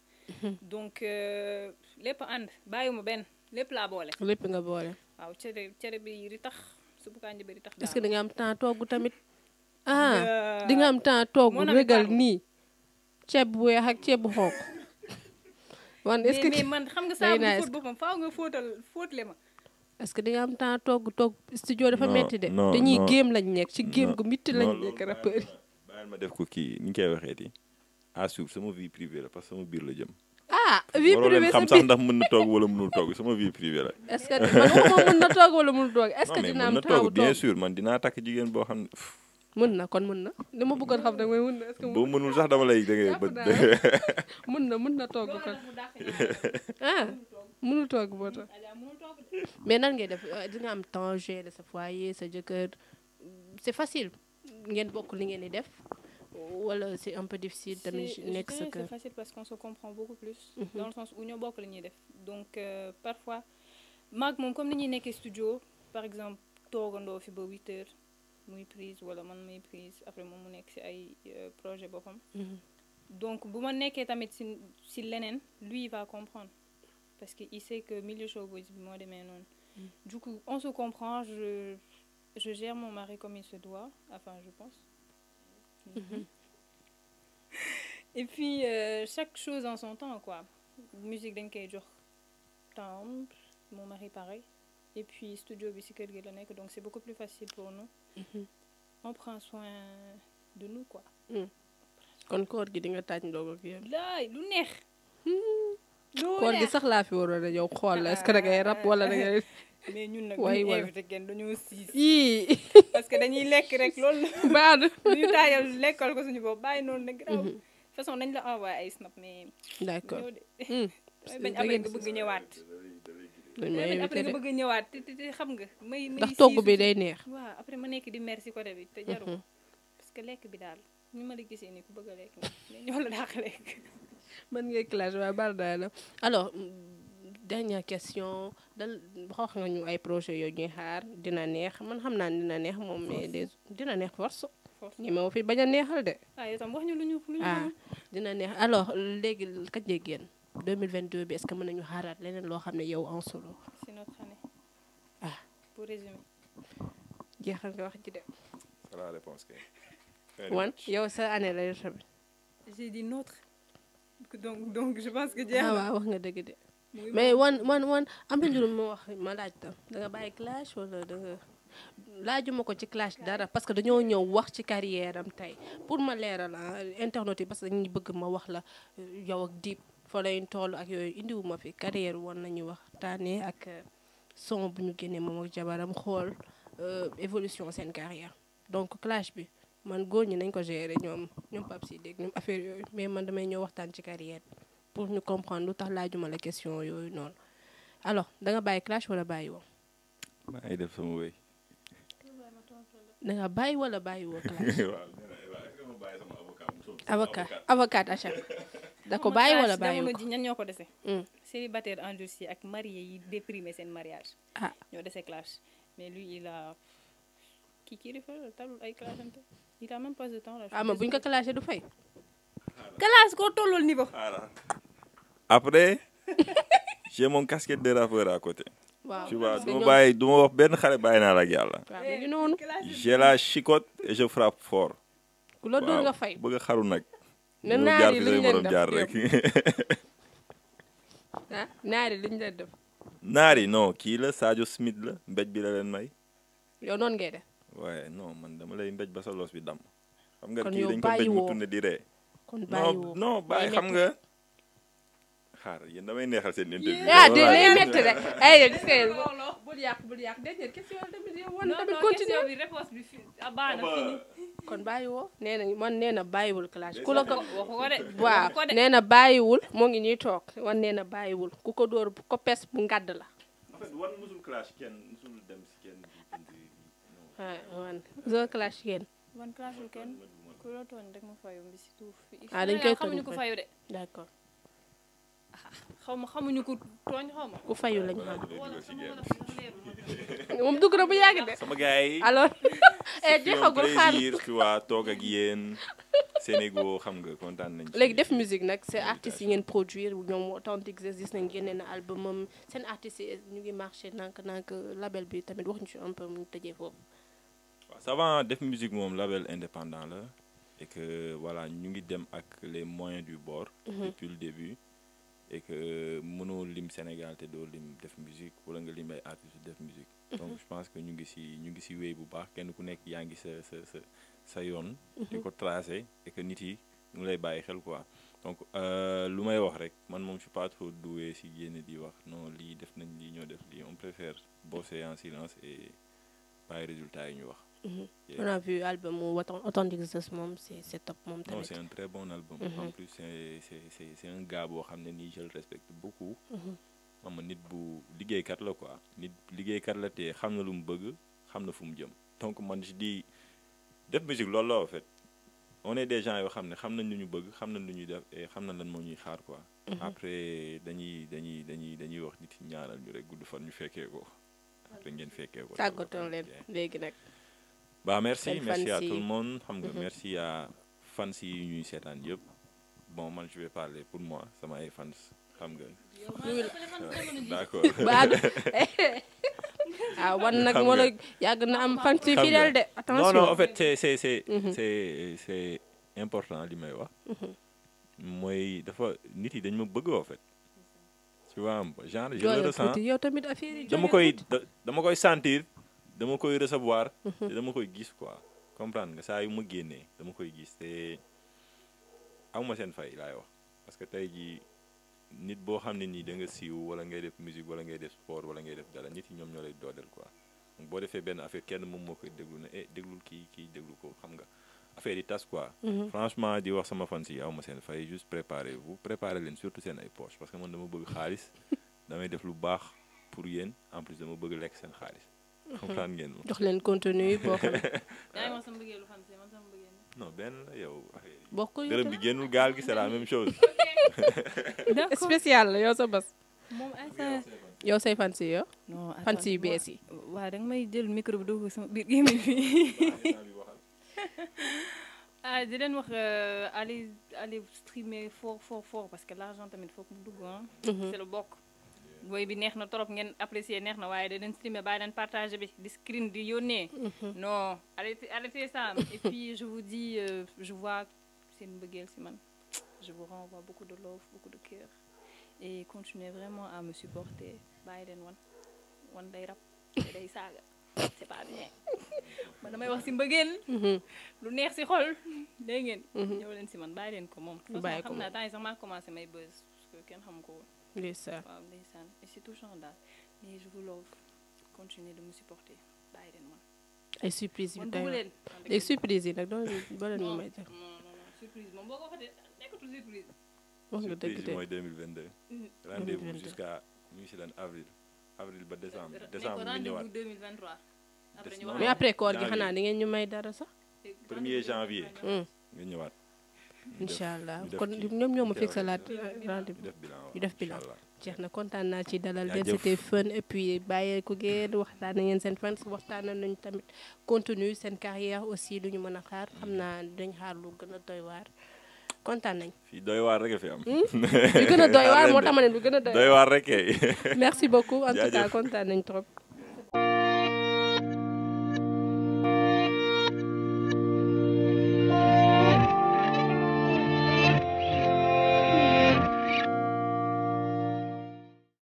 Mhm. donc euh, lépp ànd bàyyiwuma benn lépp laa boole. lépp nga boole. waaw cere cere bi yi tax subu kànja bi tax. est-ce que da nga am temps togg tamit. ah di nga am temps togg régal nii. ceeb bu weex ak ceeb bu xonq man est mais man xam nga saabu bu fóot boppam faaw nga fóotal fóotle ma. est que di nga am temps togg togg studio dafa metti de. dañuy géem lañ nekk ci géem gu mitti lañ nekk rappeur yi. ma def ko kii ni ñu koy waxeeti à suuf sama vie privée la parce que sama biir la jëm. ah vie privée sa biir xam sax ndax mën na togg wala mënul togg sama vie privée la. est-ce que man dina dinaa takk jigéen boo xam ne. mën na kon mën na li ma bëggoon xam rek mooy mën na est sax dama lay mën na mën na togg kon ah mënul togg boo mais nan ngay def euh, di nga am temps gérer sa foyer sa jëkkër c'est facile ngeen bokk li ngeen di def wala c'est un peu difficile tamit nekk sa kër. c'est facile parce qu'on se comprend beaucoup plus. Mhm. dans le sens où ñoo bokk li ñuy def donc euh, parfois maag moom comme ni ñuy nekkee studio par exemple toogandoo fi ba huit muy prise wala man muy prise après moom mu nekk si ay euh, projet boppam mhm. donc bu ma nekkee tamit si si leneen lui il va comprendre parce que il sait que milieu showbiz bi moo demee noonu mhm. du coup on se comprend je je gère mon mari comme il se doit enfin je pense mhm. et euh, chaque chose en son temps quoi musique dañ koy jox temps mon mari pareil Et puis, studio bicycle donc c'est beaucoup plus facile pour nous. Mm -hmm. On prend soin de nous, quoi. Mm. kon koor gi di nga taaj ndogu ak yéen. lu neex. Hmm. lu neex koor gi sax laa a yow xool la est-ce que da ngay rab ah. wala ñun nag ñu invité kenn dañoo siis. yii parce que dañuy lekk rek loolu. baax na ñu taajal lekkal ko suñu bopp bàyyi noonu nag. Mhm. de façon dañ la envoyé ay snap mais. d'accord. loolu mooy après nga bëgg a ñëwaat xam nga. may may ndax togg bi day neex. waaw après ma nekk di mer si côté bi mhm. parce que lekk bi daal ñu ma la gisee ni ku bëgg la dàq lekk. mën ngay clash waaye naa la alors mm, dernière question dal wax nga ñu ay projet yooyu ñuy xaar dina neex man xam naa dina neex moom mais dina neex force. ñi ma fi bañ a neexal de. waaw ah, tam wax ñu lu ñu lu ñu ah, dina neex alors léegi kat ngeen. 2022 bi est-ce que mën nañu xaaraat leneen loo xam ne yow en solo. c'est notre année. Ah. nga wax ji dem. yow sa année la yow tamit. j'ai donc ah wax nga dëgg de. mais wan wan wan am na ma wax ma laaj tam da bàyyi clash wala da laajuma ko ci clash dara parce que dañoo ñëw wax ci carrière am tey pour ma la ah, internet yi parce que dañuy bëgg ma wax la euh, yow ak Dip fa lay toll ak yooyu indiwuma fi carrière woon nañu waxtaanee ak euh, son bu ñu génnee moom ak jabaram xool euh, évolution seen carrière donc clash bi man góor ñi nañ ko gérer ñoom ñoom pap si dégg affaire yooyu mais man damay ñëw waxtaan ci carrière pour ñu comprendre tax laajuma la question yooyu noonu alors da nga bàyyi clash wala bàyyi woo. maa def sama wéy. da nga bàyyi wala bàyyi woo clash. avocat avocat achat da ko bàyyi wala bàyyi ko ji ñan ñoo ko dese. Mm. en endurci ak marié yi déprimé seen mariage. ah ñoo dese clash mais lui kii kii dafa talul ay clashante ah, ko clashé du fay. ko koo ni niveau. après j'ai mon casquette de rappeur à côté. waaw tu bàyyi du ma wax benn xale bàyyi naa la ak yàlla. j'ai la chicotte et je frappe fort. ku la dóor nga fay bëgg xaru nag. na naari li ñu leen jaar rek ah naari li def. naari non kii la Sadio Smith la mbéj bi la leen may. yow noonu ngay def. waaye non man dama lay mbéj ba sa bi dam xam nga kii dañ ko mbéj mu di ree. kon bàyyi xam nga. xaar yéen damay neexal seen interview. ah di lay rek ay gis nga bul yàq bul yàq dernière question tamit yow. non non question bi réponse bi fii ah, kon bàyyiwoo nee na man na bàyyiwul clash ku la ko waaw nee bàyyiwul moo ngi ñuy toog wan nee na bàyyiwul ku ko dóor ko pes bu ngàdd la wan zo clash kenn ah dañ koy ko fayu de d'accord ma xamuñu ko tooñ xaw moom dugg na bu yàgg de sama jeexagul xaar plaisir toog ak yéen Sénégal xam nga kontaan nañ ci. léegi def musique nag c'est artistes yi ngeen produire ñoom authentique gis nañ génne na album am seen artistes ñu ngi marché nank nank label bi tamit wax ñu si un mu tëjee foofu. waaw ça def musique moom label indépendant la et que voilà ñu ngi dem ak les moyen du bord. Mhm. depuis le début. et mënoo lim Sénégal te doo lim def musique wala nga lim ay def musique. donc je pense que ñu ngi si ñu si wéy bu baax kenn ku nekk yaa ngi sa sa sa sa yoon. Mhm. di ko tracé et nit yi ñu ngi lay bàyyi xel quoi donc euh, lu may wax rek man moom je suis pas trop doué si génn di wax non lii def nañ lii ñoo def lii on préfère bosser en silence et bàyyi résultat yi ñu wax. Mhm. on a vu album mu Authentic Zeus moom c' est c' est top moom tamit. non c' très bon album. Mhm. en plus c' est c' gars boo xam ne nii jël le respecte beaucoup. xam nit bu liggéeykat la quoi nit liggéeykat la te xam na lu mu bëgg xam na fu mu jëm donc man di def musique loolu la en fait on est gens yoo xam ne xam nañ lu ñu bëgg xam nañ lu ñu def et xam na lan moo ñuy xaar quoi. Mm-hmm. après dañuy dañuy dañuy dañuy wax nit ñaanal ñu rek gudd fan ñu fekkee ko. après ngeen fekkee ko. tàggatoo leen léegi nag. ba merci merci à tout le monde xam nga mm-hmm. merci à fans yi ñuy seetaan yëpp bon man je parler pour moi sama ay fans. xam nga. d'accord. ah wan nag moo la yàgg na am fan si fidèle de. attention non non en fait c'est mhm. important li may wax. Mhm. mooy dafa nit yi dañ ma bëgg en fait. tu vois genre je le ressens yow tamit affaire dama koy dama koy sentir dama koy recevoir. Mhm. te dama koy gis quoi comprend nga saa yu ma génnee dama koy gis te aw seen fay laay wax parce que tey nit boo xam ne nii da nga siiw wala ngay def musique wala ngay def sport wala ngay def dara nit yi ñoom ñoo lay dooleel quoi boo defee benn affaire kenn moom moo koy déglu ne eh déglul kii kii ko xam nga affaire yi tas quoi. Mhm. franchement di wax sama fan si aw ma seen fay juste préparez vous préparez leen surtout seen ay poche parce que man dama bëgg xaalis damay def lu baax pour yéen en plus dama bëgg lekk seen xaalis. Mhm. comprendre ngeen ma jox leen contenu boo xam ne. non benn la yow. bokkuñu dërëm bi gaal gi c'est la même chose. spécial la yow sa bas. moom instant yow say fan si bees yi. waaw danga may jël micro bi dugg sama biir gémmiñ bi ah di leen wax allez euh, allez streamer fort fort fort parce que l'argent tamit foog mu dugg ah. c'est booy bi neex na trop ngeen apprécier neex na waaye da leen streamer bàyyi leen partager bi di screen di yónnee. Mhm. non arrêtez arrêtez sa et puis je vous dis euh, je vois seen mbëggeel si man je vous renvoie beaucoup de love beaucoup de cœur et continuez vraiment à me supporter bàyyi leen wan wan day rap day saaga c'est pas bien man damay wax si mbëggeel. Mhm. lu neex si xol dégg ngeen. Mhm. ñëw leen si man bàyyi leen ko moom. bàyyi ko moom xam commencé may buzz parce que kenn xamu ko ndeysaan waaw ndeysaan et c'est touchant daal mais je de me supporter bàyyi leen man. ay surprise yu tey leen ay yi nag doo leen ñu may def. surprise moom boo ko waxee nekkatul mooy 2022. Mm-hmm. rendez-vous jusqu'à ñu ngi si leen avril. avril ba décembre euh, décembre bi ñëwaat 2023. après ñu mais après koor gi xanaa di ngeen ñu may dara sax. 1er janvier. Mm. nga ñëwaat. incha allah kon ñoom ñoo ma fixalaat euh, rendez-vous ñu def bilan jeex na kontaan naa ci dalal leen c'était fun et puis bàyyee ko ngeen waxtaan ngeen seen fans waxtaanal nañu tamit continue seen carrière aussi lu ñu mën a xaar xam mm. naa dañ xaar lu gën a doy waar kontaan nañ fii doy waar rek fi am hmm? lu gën a doy waar moo tax a doy waar rek merci beaucoup en tout cas kontaan nañ trop